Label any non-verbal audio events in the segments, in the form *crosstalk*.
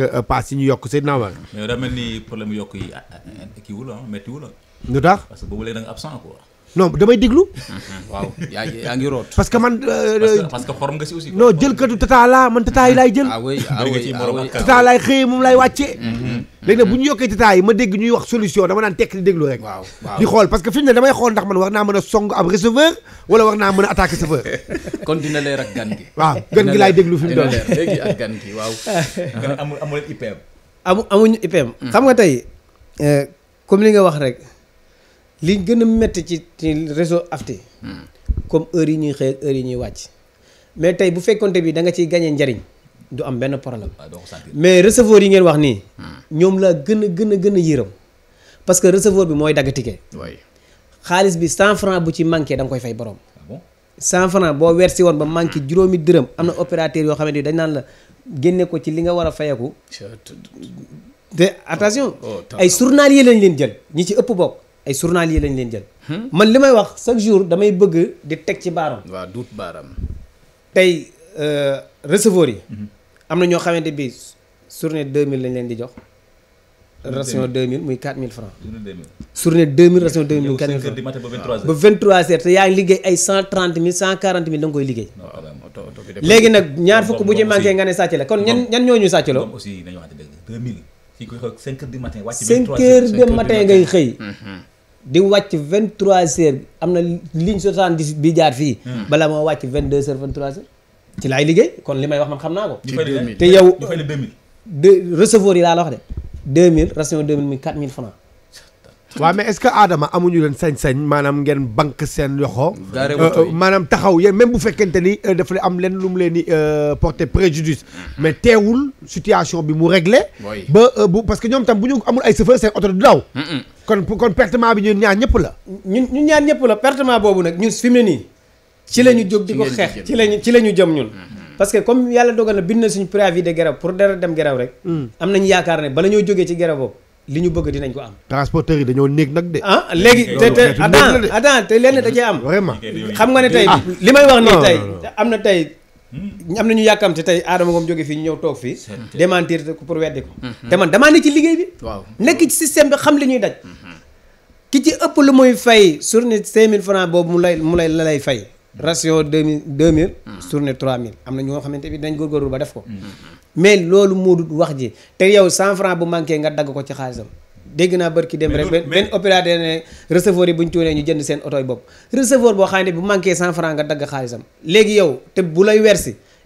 Euh, paas yi ñu yokk Seydina Omar. mais daa mel ni problème yokk yi ah, ah, ah, kii wulo la métti wu la. tax parce que boobu léegi da nga absent quoi. non damay déglu. waaw yaa yaa ngi root. parce que man. Euh, parce que xorom nga si aussi. non jël katu tata laa man tata yi laay jël. ah oui ah, ah xëyee moom laay wàccee. Mm-hmm. Mm-hmm. léegi nag bu ñu yokkee tata yi ma dégg ñuy wax solution dama naan tekk di déglu rek. waaw waaw di xool parce que fi mu ne damay xool ndax man war naa mën a song ab receveur wala war naa mën a attaquer receveur. *laughs* kon dina leer ak gan gi. waaw gan gi laay déglu fi mu doon leer léegi ak gan gi waaw. amul amul IPM. amu amuñu IPM. Mm. xam nga tey euh, comme li nga wax rek li gën a métti ci ci réseau afti hmm. comme heure yi ñuy xëy heure yi ñuy wàcc mais tey bu fekkonte bi da nga ciy gagné njariñ du am benn problème ah, mais receveur yi ngeen wax nii hmm. ñoom laa gën a gën a gën a yërëm parce que receveur bi mooy dagg ticket xaalis bi cent franc bu ci manqué danga koy fay borom ah cent franc boo wersi woon ba manqué juróomi dërëm am na opérateur yoo xamante ni dañ naan la génne ko ci li nga war a fayeku te attention oh, oh, ay journalier lañ leen jël ñi ci ëpp bokk ay journalier lañ leen jël. Hmm? man li may wax chaque jour damay bëgg di teg ci baaram. waaw duut baaram. tey euh, receveur yi. Hmm. am na ñoo xamante bi journée 2000 lañ leen di jox. ration 2000 muy 4000 francs. journée 2000 ration 2000 muy 4000 francs ba 23h te yaa liggéey ay 130 000 140 000 da nga koy liggéey. léegi nag ñaar fukk bu ci manqué nga ne sàcc la kon ñan ñan ñoo ñu sàccloo. aussi nañu waxante dëgg 2000 fii matin ngay xëy. Hmm, di wàcc vingt trois heures am na ligne soixante dix bi jaar fii. Hmm. balaa moo wàcc vingt deux heures vingt trois heures. ci laay liggéey kon li may wax man xam naa ko. te yow de receveur yi laa la wax de. deux mille ration deux mille muy quatre mille francs. waaw mais est-ce que aadama amuñu leen sañ-sañ maanaam ngeen banque seen loxo. Euh, maanaam taxaw yéen même bu fekkente ni euh, dafa am leen lu mu leen di euh, porter préjudice. Hmm. mais teewul situation bi mu réglé. ba bu parce que ñoom tam bu ñu amul ay chauffeur seen daw. Hmm, kon kon pertement bi ñun ñaar ñëpp la. ñun ñun ñaan ñëpp la pertement boobu nag ñun fi nii. ci la ñu jóg di ko xeex ci la ñu ci la ñu jëm ñun. Mm-hmm. parce que comme yàlla dogal na bind na suñu préavis de grève pour dara dem grève rek. Mm. am nañ yaakaar ne bala ñoo jógee ci grève li ñu bëgg dinañ ko am. transporteurs yi dañoo néeg nag de. ah léegi te te attends attends te lenn da am. vraiment xam nga ne tey ah. li may wax nii tey am na tey. am na ñu yàkkamte tey Adama Ngom jóge fii ñu ñëw toog fii démentir ko pour weddi ko mhm. te man damaa ne ci liggéey bi waaw nekk ci système bi xam li ñuy daj mhm. ki ci ëpp lu muy fay journée cinq mille francs boobu mu lay mu lay la lay fay mhm. ratio deux mille deux mille journée trois mille am na ñoo xamante bi dañ góorgóorlu ba def ko mais loolu moo dul wax ji te yow cent francs bu manqué nga dagg ko ci xaalisam dégg naa ki dem rek benn benn opérateur ne receveur yi bu ñu cuunee ñu jënd seen oto yi bopp receveur boo xam ne bu manqué cent franc nga dagg xaalisam léegi yow te bu lay si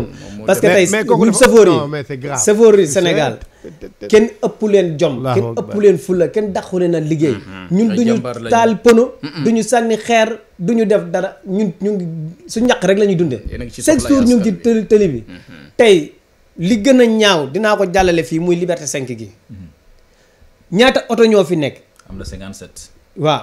réew parce que tey ñun safoor yi safoor yi Sénégal kenn ëpp leen jom kenn ëpp leen fulla kenn dàqu leen a liggéey mm-hmm. ñun duñu taal du ñu sànni xeer du ñu def dara ñun ñu ngi su ñaq rek lañuy ñuy dundee chaque jour ñu ngi tëli tëli bi mm-hmm. tey li gën a ñaaw dinaa ko jàllale fii muy liberté 5 gi mm-hmm. ñaata oto ñoo fi nekk am na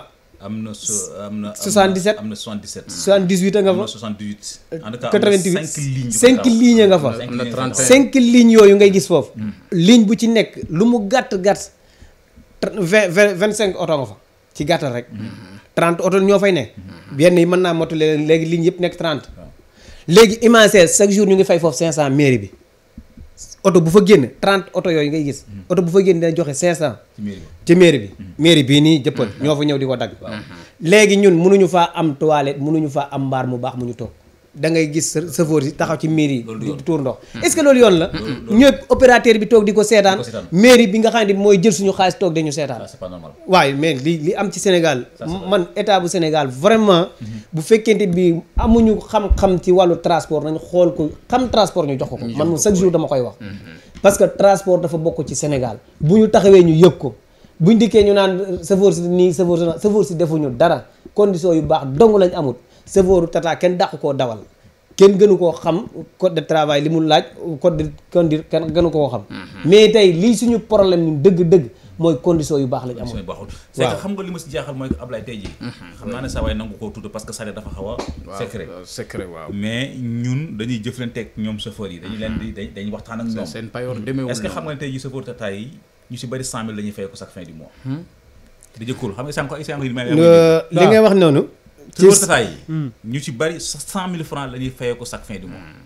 am na so am na. 77 am na 77. nga fa am na 78. Euh, en tout a 88 5 lignes nga fa 5 lignes nga fa 5 lignes yooyu ngay gis foofu. Hmm. ligne bu ci nekk lu mu gàtt gàtt. 20 25 oto nga fa ci gàttal rek. 30 hmm. oto ñoo fay nekk yenn hmm. yi mën naa motule léegi ligne yëpp nekk 30. léegi imaginaire chaque jour ñu ngi fay foofu 500 mairie bi. oto bu fa génn trente oto yooyu ngay gis hmm. oto bu fa génn dina joxe cinq cent ci mairie bi hmm. mairie bii nii jëppal hmm. ñoo fa ñëw di ko dagg léegi ñun munuñu faa am toilette munuñu faa am mbaar mu baax mu ñu toog da ngay gis chauffeur yi taxaw ci mairie yi di tuur ndox hmm. est yoon la hmm, ñëpp opérateur bi toog di ko seetaan mairie bi nga xam ne mooy jël suñu xaalis toog dañu seetaan waaye mais li li am ci Sénégal man état bu Sénégal vraiment hmm. bu fekkente bi amuñu xam-xam ci wàllu transport nañu xool ko xam transport ñu jox ko man moom chaque jour dama koy wax parce que transport dafa bokk ci Sénégal bu ñu taxawee ñu yëg ko buñ dikkee ñu naan chauffeur si nii chauffeur si defuñu dara condition yu baax dong lañ amut sëfooru Tata kenn dàqu koo dawal kenn gënu koo xam code de li mu laaj code de conduire kenn gënu koo xam. Mhm. mais tey lii suñu problème ñun dëgg-dëgg mooy condition yu baax lañ amoon. waaw c'est que xam nga li ma si jaaxal mooy Ablaye tey jii. Mhm. xam nangu koo tudd parce que salaire dafa xaw a. secret secret waaw. mais ñun dañuy jëflanteeg ñoom chauffeur yi. dañu leen di mhm. dañ dañuy waxtaan ak ñoom. seen payoor demeewul est-ce que xam nga ne tey jii chauffeur Tata yi ñu si bëri 100000 la ñuy fay ko chaque fin du hmm? li ngay wax noonu ci wërtataay yi. Hmm. ñu ci bari cent mille francs la ñuy fayee ko chaque fin du mois. Hmm.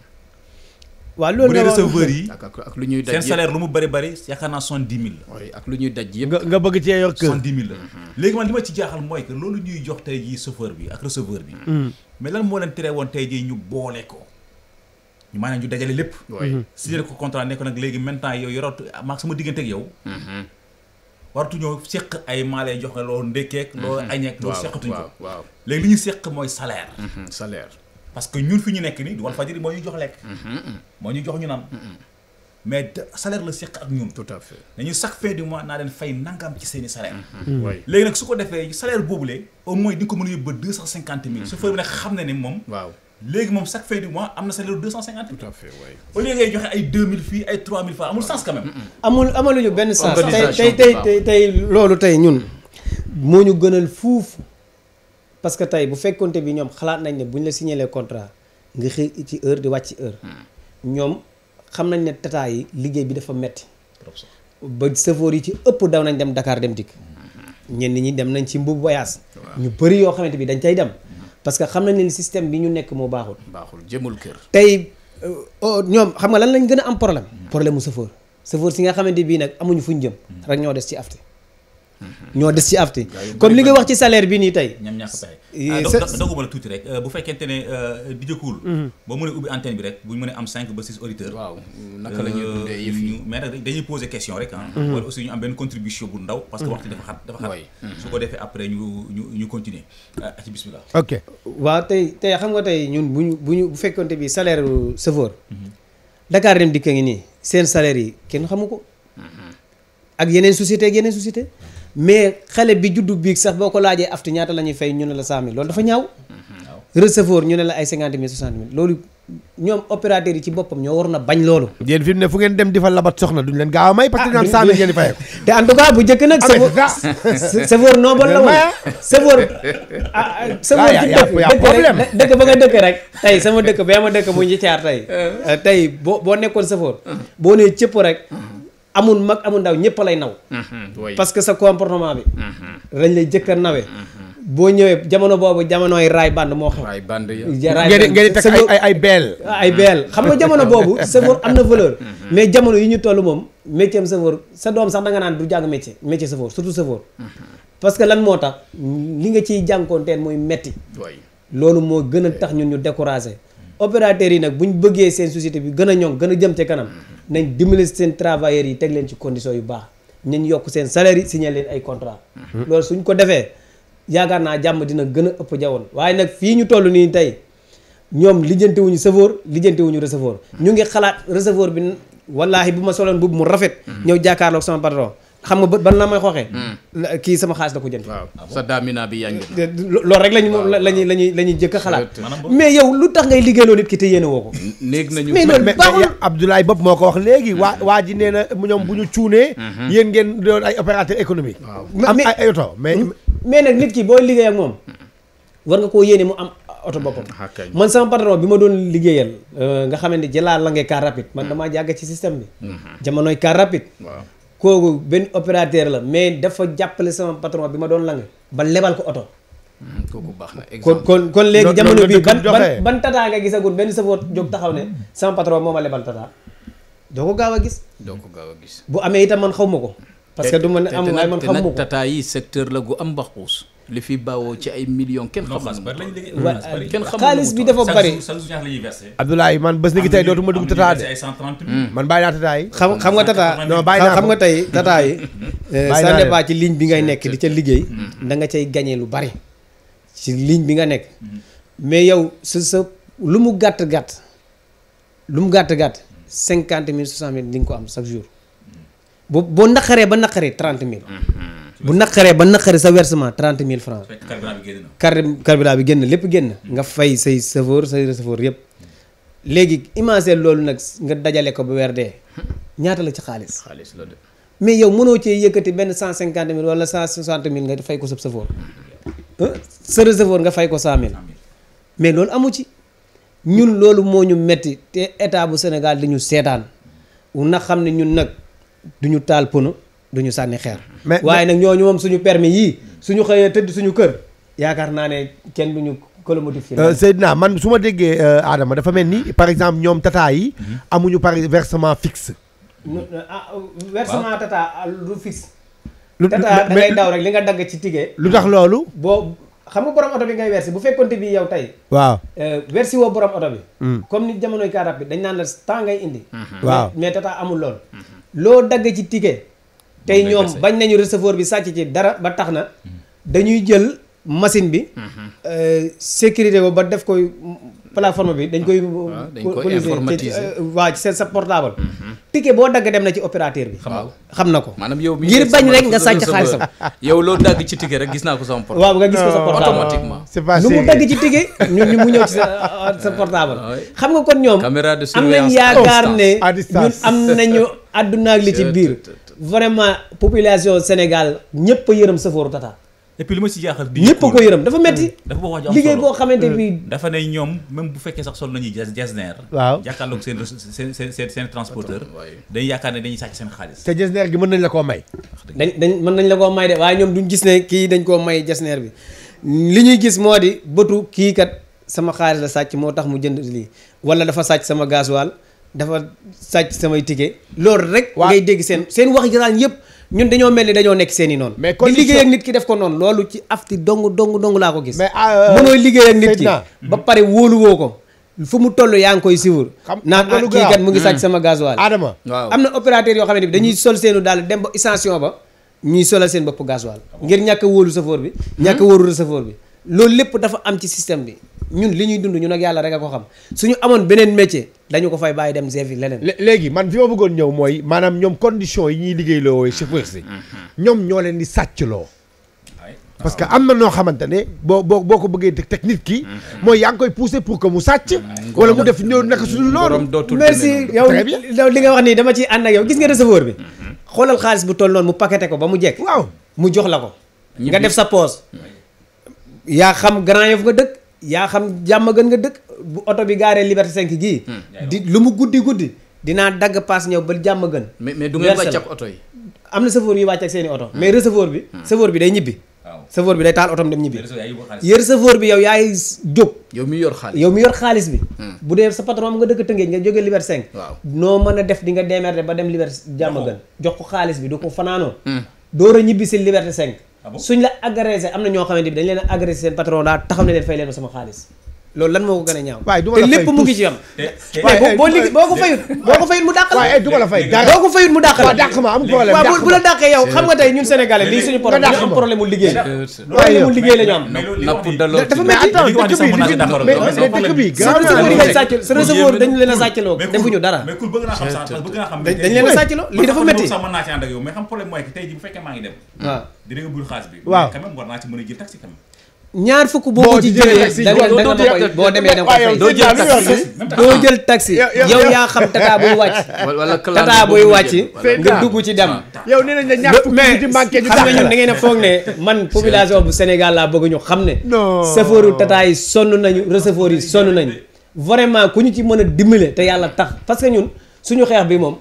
waaw loolu nga receveur yi ak lu ñuy daj seen lu mu bari bari yaakaar naa soixante dix mille lu ñuy daj yëpp nga bëgg cee yor kër soixante dix mille la. Mm-hmm. léegi man li ma ci jaaxal mooy que loolu ñuy jox tey jii chauffeur bi ak receveur bi. Hmm. mais lan moo leen tere woon tey jii ñu boole ko. ñu maanaam ñu dajale lépp. signé ko contrat nekk nag léegi maintenant yow yoratu maag sama diggante ak yow. Mm-hmm. wartu ñoo seq ay maalay jox nga loo ndékkeek mhm. loo añeek loo seqatuñ ko waaw léegi li ñu seq mooy salaire mhm, salaire parce que ñun fi ñu nekk ni Walfadjri moo ñu jox lekk mhm, moo ñu jox ñu naan mais salaire la seq ak ñun tout à fait dañu chaque fin du mois naa leen fay nangam ci seeni salaire mm. léegi nag su ko defee salaire boobulee au moins di nga ko mën a yóbbu ba deux cent cinquante mille su fa ne xam ne ne moom waaw léegi moom chaque fin du mois am na salaire deux cent cinquante tout à fait waay au ngay joxe ay deux mille fii ay trois mille francs amul sens quand même amul amaluñu benn sens tey tey tey tey loolu tey ñun moo ñu gënal fuuf parce que tey bu fekkonte bi ñoom xalaat nañ ne bu ñu la signalee contrat nga xëy ci heure di wàcc heure mm. ñoom xam nañ ne tata yi liggéey bi dafa metti ba sëfoor yi ci ëpp daw nañ dem Dakar dem dikk mm-hmm. ñenn ñi dem nañ ci mbubu voyage ñu bëri yoo xamante bi dañ cay dem parce que xam nañ ni système bi ñu nekk moo baaxul. baaxul jëmul kër. tey euh, oh, ñoom xam nga lan lañ gën a am problème. problème mu chauffeur. chauffeur si nga xamante bii nag amuñu fuñ jëm. Hmm. rek ñoo des ci afte ñoo des ci AFTU comme li nga wax ci salaire bi nii tey. ñam ñàkk pexe eh, ah, doguma la tuuti rek euh, bu fekkente ne di euh, jëkkul mhm. boo mënee ubbi antenne bi rek bu ñu mënee am cinq ba 6 auditeurs. waaw naka la euh, dañuy poser question rek ah. wala aussi ñu am benn contribution bu ndaw. parce que mhm. waxtu dafa xat ñu ñu ñu continuer ah, ci xam nga tey ñun bu ñu bu ñu bu fekkonte bi salaire chauffeur. Dakar Dem Dikk a ngi nii seen salaire yi kenn xamu ko. ak yeneen société ak yeneen société mais xale bi juddu biig sax boo ko laajee afti ñaata la ñuy fay ñu ne la 100000 loolu dafa ñaw ñaaw. receveur ñu ne la ay 50 000 60 000 loolu ñoom opérateur yi ci boppam ñoo war a bañ loolu. yéen fi mu ne fu ngeen dem di fa labat soxna duñ leen gaaw a may. parce que ah, ñoom 100000 ngeen di fayee ko. *laughs* te en tout cas bu njëkk nag. chauffeur *laughs* noobal la woon chauffeur. *laughs* ah chauffeur ah, ci ah, dëkk ba nga dëkk rek. tey sama dëkk bee ma dëkk mu ngi tey. tey boo boo nekkoon chauffeur. boo nee cëpp rek. amul mag amul ndaw ñëpp lay naw. Mhm, parce que sa comportement bi. Mhm. dañ lay jëkk nawe. Mhm. boo ñëwee jamono boobu jamonooy raay band moo xew. raay band nga di teg ay ay beel. ay beel xam nga jamono boobu chauffeur am na valeur. mais jamono yi ñu toll moom métier am sa doom sax da naan du jàng métier métier chauffeur surtout chauffeur. parce que lan moo tax li nga ciy jànkoonteen mooy metti loolu moo gën a tax ñu ñu découragé. opérateur yi nag bu ñu bëggee seen société bi gën a ñoŋ gën a jëm ca kanam. nañ dimbali seen travailleurs yi teg leen ci conditions yu baax nañ yokk seen salaire yi signé leen ay contrat mhm. loolu suñ ko defee yaakaar naa jàmm dina gën a ëpp jawoon waaye nag fii ñu toll nii tey ñoom lijjanti wuñu sëfoor lijjanti wuñu recevoir mhm. ñu ngi xalaat recevoir bi wallaahi bu ma soloon boobu mu rafet mhm. ñëw jàkkaarloog sama patron xam nga ban la may xooxee. Hmm. kii sama xaalis la ko jënd. waaw sa daamina bi yaa ngi. loolu rek lañu moom lañuy lañuy lañuy jëkk a xalaat. mais yow lu tax ngay liggéeyloo nit ki te yéene woo ko. néeg nañu mais loolu baaxul moo ko wax léegi. waa hmm. waa ji nee na ñoom bu ñu cuunee. Hmm. yéen ngeen doon ay opérateur économique. am ay mais. mais nag nit ki booy liggéey moom war nga koo yéene mu am. oto boppam ah, man sama patron bi ma doon liggéeyal euh, nga xamante ni jalaal la ngay car rapide man damaa jàgg ci système bi jamonoy car rapide kooku benn opérateur la mais dafa jàppale sama patron bi ma doon lang ba lebal ko oto. Hmm, kooku baax na exemple kon kon léegi jamono bi ban ban tataa nga gisagul benn safoot jóg taxaw ne sama patron moo ma lebal tataa doo ko gaaw a gis. doo bu amee itam man xaw ma ko. parce que du ma ne am waaye man xaw ma ko tataa yi secteur la gu am baxuus li fi bawoo ci ay million kenn xamul kenn xamul xaalis bi dafa bari Abdoulaye man bés ni ki tey dootuma dugg tataa de mm. man bàyyi naa tataa xam xam nga tataa non bàyyi naa xam nga tey tataa *laughs* eh, ci ligne bi ngay nekk di ca liggéey mm. da nga cay gañee lu bari ci ligne bi nga nekk mm. mais yow sa sa lu mu gàtt gàtt lu mu gàtt gàtt cinquante mille soixante mille di nga ko am chaque jour boo boo naqaree ba naqaree trente mille mm-hmm. bu naqaree ba naqari sa versement trente mille francs carburant bi génn lépp génn mm. nga fay say chauffeur say receveur yëpp léegi imagine loolu nag nga dajale ko ba weer dee ñaata la ci xaalis mais yow mënoo cee yëkkati benn cent cinquante mille wala cent soixante mille nga fay ko sa chauffeur sa receveur nga fay ko cent mille mais loolu amu ci ñun loolu moo ñu metti te état bu Sénégal di ñu seetaan na xam ne ñun nag duñu taal pono du ñu sànni xeer. mais waaye nag ñoo moom suñu permis yii suñu xëyee tëdd suñu kër yaakaar naa ne kenn du ñu. Euh, Seydina man su ma déggee euh, Adama dafa mel ni par exemple ñoom tata yi. Mhm. amuñu par versement fixe. Euh, ah, versement tata lu ah, fixe. lu tata da ngay daw rek li nga dagg ci tige. lu tax loolu. boo xam nga borom oto bi ngay versi bu fekkonte bi yow tey. waaw versi woo borom oto bi. Mm. comme ni jamonoy car rapide dañ naan la temps ngay indi. Mhm. waaw mais tata amul loolu. loo dagg ci tige. tey ñoom bañ nañu receveur bi sàcc ci dara ba tax na dañuy jël machine bi euh, sécurité ko ba def koy plateforme bi dañ koy ah, ah, policier euh, waa ci seen sa portable mhm. ticket boo dagg dem na ci opérateur bi xam na ko maanaam yow ngir bañ rek nga sàcc xaalisam yow loo dagg ci ticket rek gis naa ko sama portable waaw nga gis ko sa portable lu mu dagg ci ticket ñu ñu mu ñëw ci sa *laughs* sa portable ah xam nga kon ñoom am nañ yaakaar ne ñun am nañu àdduna li ci biir vraiment population Sénégal ñëpp a yërëm sëfooru Tata. et puis li ma si jaaxal. bi ñëpp ko yërëm dafa metti hmm. dafa wax wax liggéey boo xamante ni. Hmm. dafa ne ñoom même bu fekkee sax sol nañuy jas jasneer. waaw jàkkaarloog seen seen seen seen transporteur. dañuy yaakaar ne dañuy sàcc seen xaalis. te jasneer gi mën nañ la koo may. dañ dañ mën nañ la koo may de waaye ñoom duñ gis ne kii dañ koo may jasneer bi li ñuy gis moo di bëtu kii kat sama xaalis la sàcc moo tax mu jënd lii wala dafa sàcc sama gasoil dafa sàcc samay ticket. loolu rek. ngay dégg seen seen wax jiraan yëpp ñun dañoo mel ni dañoo nekk seen i noonu. mais di liggéey ak nit ki def ko noonu loolu ci afti dong dong dong laa ko gis. mais liggéeya euh, liggéey nit ki ba pare wóoluwoo ko. fu mu toll yaa ngi koy suivre. naan ah kii kat mu ngi hmm. sàcc sama gasoil. Adama waaw am na opérateur yoo xam ne bi dañuy sol seenu daal dem ba station ba ñuy solal seen bopp gasoil. ngir ñàkk a wóolu safoor bi. ñàkk a wóolu safoor bi. loolu lépp dafa am ci système bi ñun li ñuy dund ñu nag yàlla rek a ko xam suñu amoon beneen métier dañu ko fay bàyyi dem zevi leneen léegi man fi ma bëggoon ñëw mooy maanaam ñoom condition yi ñuy liggéey loo wooy chauffeur si mhm. ñoom ñoo leen di sàcc parce que ah am na noo xamante ne boo boo boo ko bëggee teg teg nit ki mhm. mooy yaa ngi koy poussé pour que mu sàcc wala mu def ñëw naka suñu loolu merci yow yow li nga wax nii dama ci ànd ak yow gis nga receveur bi mhm. xoolal xaalis bu toll mu paqueté ko ba mu jekk waaw mu jox la ko nga def sa poche yaa xam Grand Yoff nga dëkk yaa xam jàmm gën nga dëkk bu oto bi gaaree Liberté 5 gii. Hmm. di lu mu guddi guddi dinaa dagg pass ñëw ba jàmm gën. mais mais du ngeen wàcc ak oto yi. am na chauffeur yu wàcc ak seen i oto. Hmm. mais receveur bi. Hmm. chauffeur bi day ñibbi. waaw chauffeur bi day taal otom dem ñibbi. yër chauffeur bi yow yaay jóg. yow mi yor xaalis yow mi yor xaalis bi. bu dee sa patron am nga dëkk Tëngéej nga jógee Liberté cinq waaw noo mën a def di nga démerder ba dem Liberté jàmm gën. jox ko xaalis bi du ko fanaanoo. door a ñibbi si Liberté 5 Ah suñ la agressé am na ñoo xamante bi dañ leen a agressé seen patron daa taxaw ne leen fay leen ma sama xaalis loolu lan moo ko gën a ñaaw. te lépp mu ngi ci am. boo liggéey boo ko fayut. mu dàq boo ko fayut mu dàq la. waaw dàq mu liggéey. la ñu dafa mel ni dëkk bi receveur dañu leen a sàccaloo defuñu dara. mais bëgg naa xam sax bëgg naa xam dañ dafa métti ñaar fukk boo ci jëlee da nga ma koy boo demee da nga koy doo jël taxi doo jël taxi yow yaa xam tata buy wàcc tata wàcc nga dugg ci dem ah. yow nee nañ la ñaar fukk mais xam nga ñun da ngeen a foog ne man *laughs* population bu Sénégal laa bëgg ñu xam ne sëfooru tata yi sonn nañu receveur yi sonn nañu vraiment ku ñu ci mën a dimbale te yàlla tax parce que ñun suñu xeex bi moom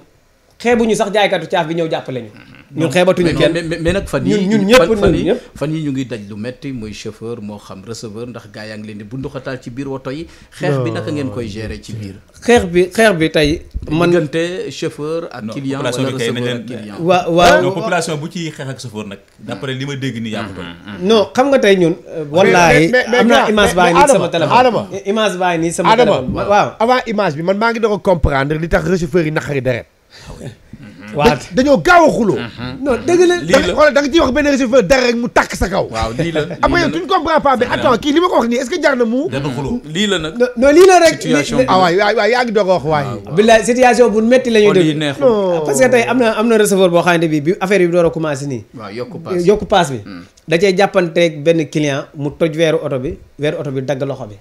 xeebu ñu sax jaaykatu caaf bi ñëw jàpp ñu ñun xeebatuñu kenn mais nag fan yi ñun ñëpp fan yi fan yi ñu ngi daj lu metti muy chauffeur moo xam receveur ndax gaa yaa ngi leen di bunduxataal ci biir woto yi xeex bi naka ngeen koy gérer ci biir xeex bi xeex bi tey man diggante chauffeur ak client wala receveur ak client waa waaw population bu ci xeex ak chauffeur nag d'après li ma dégg ni yaa ko toll mm, mm, mm. xam nga tey ñun euh, wallaahi am na image baa ngi nii sama téléphone image baa ngi nii sama téléphone waaw avant image bi man maa ngi doon comprendre li tax receveur yi naqari deret waaw mm-hmm. dañoo gaaw a xuloo. Mm-hmm. non dëgg la da xoolal da nga ciy wax benn réciproque dara rek mu tàkk sa kaw. waaw lii après yow tu ne mais attends kii li ma ko wax nii est jar na mu. Mm-hmm. lii la nag. non rek situation bi ah yaa ngi doog a wax waay. billaay situation bu metti la ñuy ah, parce que tey am na am na receveur boo xamante bi bi affaire bi door a commencé nii. waaw yokku paas yokku paas bi. Mm. da cee jàppanteeg benn client mu toj weeru oto bi weeru oto bi dagg loxo bi.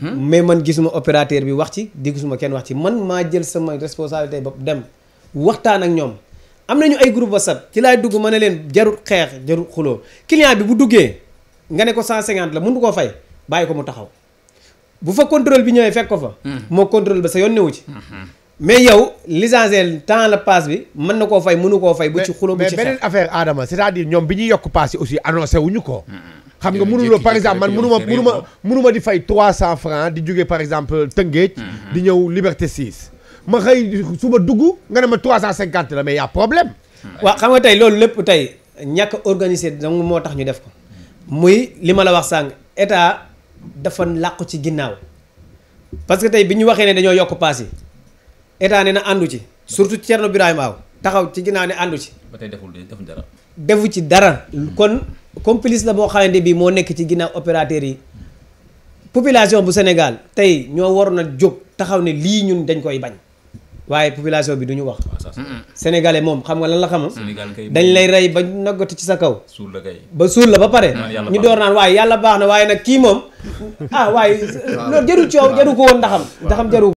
mais man gisuma opérateur bi wax ci di gisuma kenn wax ci man maa jël sama responsabilité bopp dem waxtaan ak ñoom am nañu ay groupe whatsapp ci laay dugg ma ne leen jarut xeex jarut xuloo client bi bu duggee nga ne ko cent 150 la mënu koo fay bàyyi ko mu taxaw bu fa contrôle bi ñëwee fekk ko fa. Hmm. moo contrôle ba sa yoon newu ci. Hmm. mais yow l'essentiel temps la passe bi mën na koo fay mënu koo fay. bu ci xuloo bu ci xeex mais beneen affaire Adama cest ñoom bi ñuy yokk passe aussi annoncé wuñu ko. Hmm. xam nga mënuloo par exemple man mënuma mënuma mënuma di fay 300 francs di jóge par exemple Tëngéej. Mm-hmm. di ñëw Liberté 6. ma xëy suba dugg nga ne ma 350 la mais y' a problème. Mm-hmm. waa xam nga tey loolu lépp tey ñàkk a organisé moo tax ñu def ko muy li ma la wax sàng état dafa làqu ci ginnaaw parce que tey bi ñu waxee ne dañoo yokk paas yi ne na àndu ci surtout Thierno Birahim Aw taxaw ci ginnaaw ne àndu ci. ba tey deful dara. defu ci dara kon complice la boo xamante bi moo nekk ci ginnaaw opérateur yi population bu Sénégal tey ñoo waroon a jóg taxaw ni lii ñun dañ koy bañ waaye population bi du ñu wax ah, sénégalais moom xam nga lan la xamam dañ lay rey ba nagati ci sa kaw ba suul la ba pare ñu door naan waaye yàlla baax na waaye nag kii moom *laughs* ah waaye loolu jaru coow jaru ko woon ndaxam ndaxam jaru